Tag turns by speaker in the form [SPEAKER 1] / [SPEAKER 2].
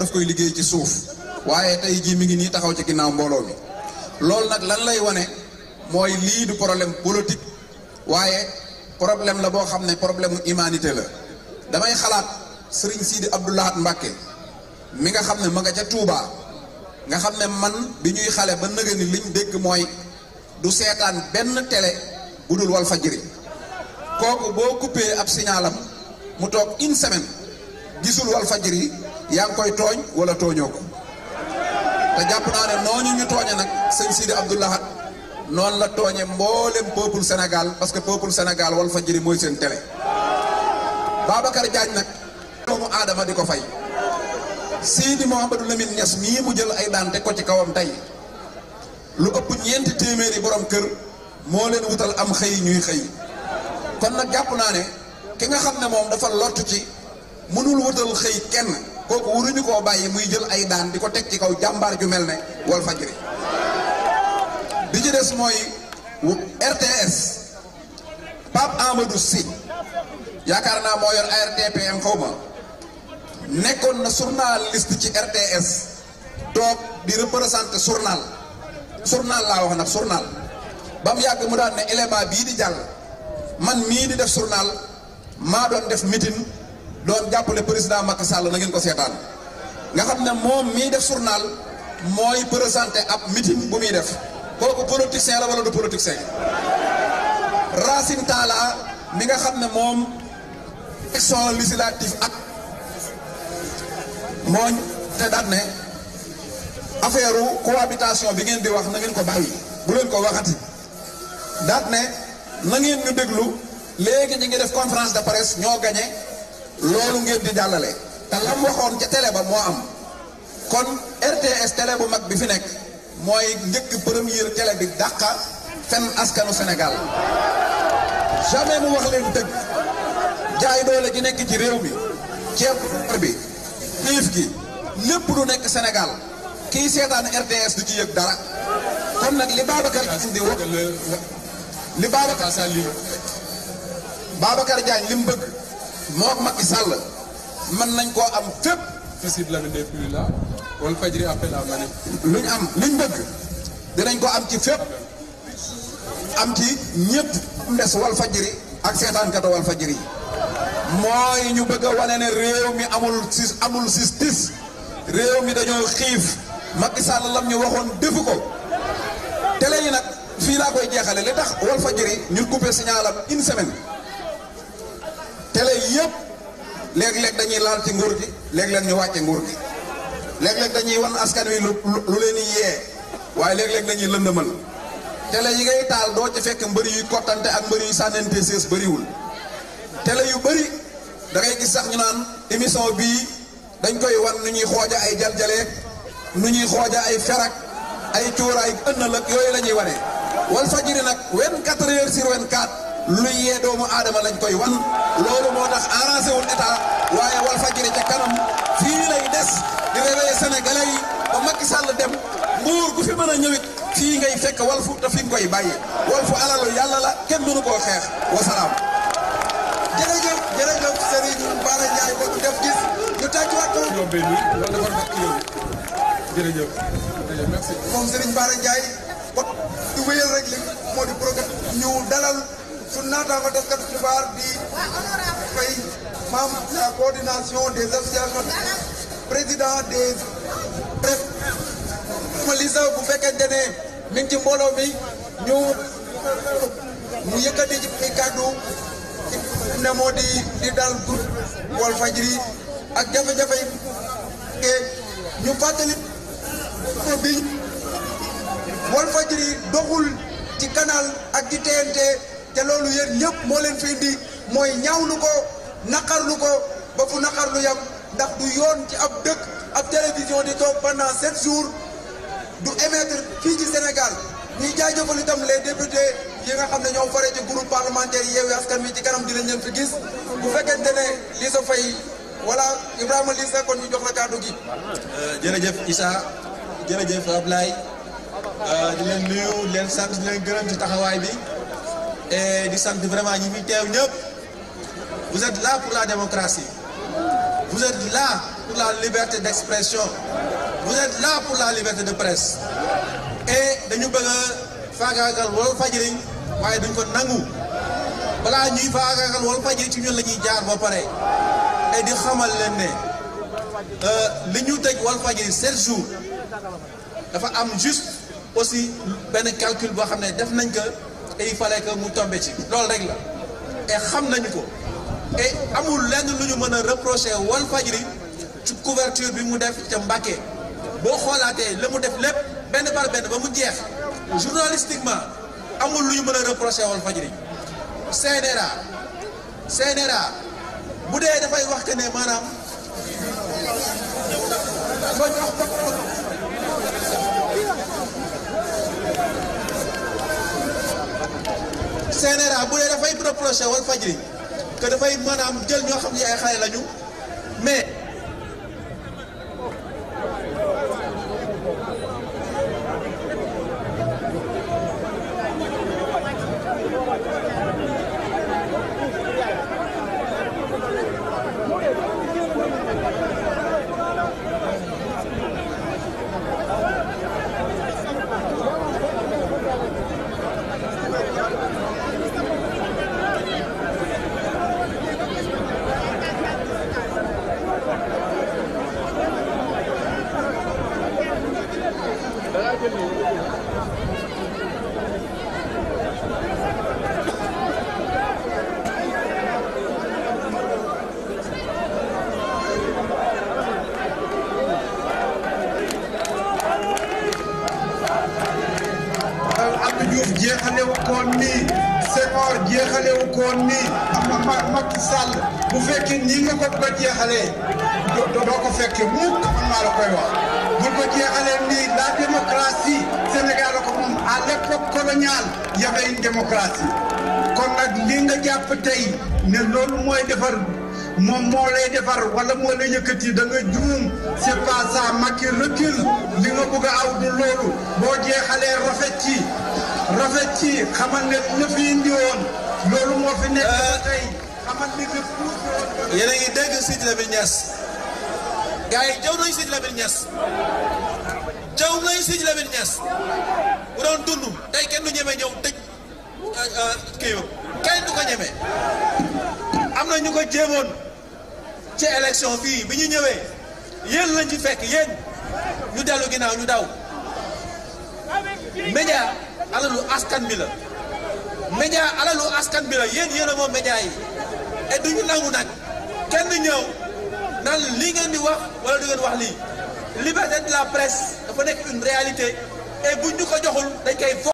[SPEAKER 1] daf koy liggéey ci suuf waaye tey jii mi ngi nii taxaw ci ginnaaw mbooloo mi loolu nag lan lay wane mooy lii du problème politique waaye problème la boo xam ne problème mu humanité la damay xalaat Serigne Sidi Abdoulahat Mbacké mi nga xam ne ma nga ca Touba nga xam ne man bi ñuy xale ba nëga ni liñ dégg mooy du seetaan benn télé bu dul Walfadjri kooku boo coupé ab signalam mu toog une semaine gisul Walfadjri yaa ngi koy tooñ wala tooñoo ko te jàpp naa ne noonu ñu tooñe nag sëñ Sidi Abdou Lahad noonu la tooñe mboolem peuple Sénégal parce que peuple Sénégal Walfadjri mooy seen télé Babacar Diagne nag doomu aadama di ko fay Sidi Mouhamadou Lamine Niass mii mu jël ay daan teg ko ci kawam tey lu ëpp ñeenti téeméeri borom kër moo leen wutal am xëy ñuy xëy kon nag jàpp naa ne ki nga xam ne moom dafa lott ci mënul wutal xëy kenn kooku waruñu koo bàyyi muy jël ay daan di ko teg ci kaw jàmbaar ju mel ne Walfadjri bi ci des mooy RTS Pape Amadou Sy yaakaar naa moo yor ARTPM xaw ma nekkoon na journaliste ci RTS toog di représenté journal journal laa wax nag journal ba mu yàgg mu daan ne élément bii di jàll man mii di def journal maa doon def meeting. doon jàppale président Macky Sall na ngeen ko seetaan nga xam ne moom mii def journal mooy présenté ab meeting bu muy def kooku politicien la wala du politicien Racine Talla mi nga xam ne moom élection législative ak mooñ te daan ne affaire cohabitation bi ngeen di wax na ngeen ko bàyyi bu leen ko waxati daan ne na ngeen ñu déglu léegi ñu ngi def conférence de presse ñoo gañe loolu ngeen di jàllale te lam waxoon ca télé ba moo am kon RTS télé bu mag bi fi nekk mooy njëkk première télé bi dàqa fen askanu Sénégal jamais nu wax leen dëgg jaay doole ji nekk ci réew mi ceeb bi xiif gi lépp lu nekk senegal kiy seetaan RTS du ci yëg dara kon nag li Babacar Diagne li mu bëgg moo Macky Sall mën nañ koo am fépp te la Lamine Ndeye plus là wala fajri appel à am lu bëgg dinañ ko am ci fépp am ci ñëpp ndes wal fajiri ak seetaankata wal fajri yi mooy ñu bëgg a wane ne réew mi amul sis amul justice réew mi dañoo xiif Macky Sall lam ñu waxoon defu ko télé yi nag fii laa koy jeexale li tax wal fajri ñu coupé signalam une semaine yëpp léeg-léeg dañuy laal ci nguur gi léeg-léeg ñu wàcce nguur gi léeg-léeg dañuy wan askan wi lu lu leen di yee waaye léeg-léeg dañuy lëndëmal télé yi ngay taal doo ci fekk mbëri yuy kottante ak mbëri yu sànnante sées bëriwul télé yu bëri da ngay gis sax ñu naan émission bii dañ koy wan nu ñuy xooja ay jaljaleek nu ñuy xooja ay ferak ay cuuraay ënnal ak yooyu la ñuy wane Walfadjri nag 24 heures sur 24 lu yee doomu aadama lañ koy wan loolu moo tax arrangé wul waaye wal fajiri ca kanam fii lay des di réveillé sénégalais yi ba Macky Sall dem nguur gu fi mën a ñëwit fii ngay fekk walfu te fi nga koy bàyyi walfu alalu yàlla la kenn mënu koo xeex wasalaam. jërëjëf jërëjëf ba ñu def gis ñu tàccuwaat ko. ñoom benn loolu dafa nekk yow jërëjëf jërëjëf merci. moom ñu dalal. suñu naataango taskatu xibaar di fay membre de coordination des associations président des presse lisa bu fekkente ne mi ngi ci mbooloo mi ñu ñu yëkkati ci ay ne moo di di daal groupe Walfadjri ak jafe-jafe ñu fàttali bi Walfadjri doxul ci canal ak ci TNT te loolu yéen ñëpp moo leen fi indi mooy ñawlu ko naqarlu ko ba fu naqarlu yam ndax du yoon ci ab dëkk ab télévision di toog pendant sept jours du émettre fii ci Sénégal ñuy jaajëfal itam les députés yi nga xam ne ñoo faree ci groupe parlementaire Yewwi Askan Wi ci kanam dinañ leen fi gis bu fekkente ne Lissa Faye voilà Ibrahima Lissa kon ñu jox la kàddu gi. a euh, Issa jërëjëf Ablaye euh, di leen nuyu di leen sant di leen gërëm ci taxawaay bi. di sant vraiment ñi fi teew ñëpp vous êtes là pour la démocratie vous êtes là pour la liberté d'expression vous êtes là pour la liberté de presse et dañu bëgg a faagaagal Walf Fadjri waaye duñ ko nangu balaa ñuy faagaagal Walf Fadjri ci ñun lañuy jaar ba pare et di xamal leen ne euh, li ñu tëj Walf Fadjri sept jours dafa am juste aussi benn calcul boo xam ne def nañ ko. et il mu tombé ci loolu rek la et xam nañu ko et amul lenn lu ñu mën a reproché wal fajri ci couverture bi mu def ca Mbàkke boo xoolaatee la mu def lépp benn par benn ba mu jeex journalistiquement amul lu ñu mën a reproché wal fajri CNRA CNRA bu dee dafay wax que ne maanaam. CNRA bu dee dafay reproché Walfadjri que dafay maanaam jël ñoo xam ne ay xale lañu mais. Diouf jeexale wu ko nii Senghor jeexale wu ko nii ak Macky Sall bu fekkee nii nga ko ba jeexalee doo ko fekke mukk man maa la koy wax bu ko jeexalee nii la démocratie Sénégal la ko moom à l'époque coloniale y avait kon nag li nga jàpp tey ne loolu mooy defar moom moo lay defar wala moo lay yëkkati da nga juum c'est pas ça Macky recule li nga bëgg a aw du loolu boo jeexalee rafet ci rafet ci xamal ne ña fi indi woon loolu moo fi nekk euh, tey xamal ne que puudar. yéen a ngi dégg Sidi Lamine Niass. gars yi jaww nañu Sidi Lamine Niass. jaww nañu Sidi Lamine Niass. bu doon dund tey kenn du ñeme ñëw dëj euh, euh, kii yooyu kenn du ko ñeme. am na ñu ko jéemoon ci élection fii bi ñu ñëwee yéen lañ ci fekk yéen ñu dellu ginnaaw ñu daw. média alalu askan bi la média alalu askan bi la yéen yéen moo moom média yi et duñu nangu nag kenn ñëw naan lii ngeen di wax wala du wax lii liberté de la presse dafa nekk réalité et buñ ñu ko joxul dañ koy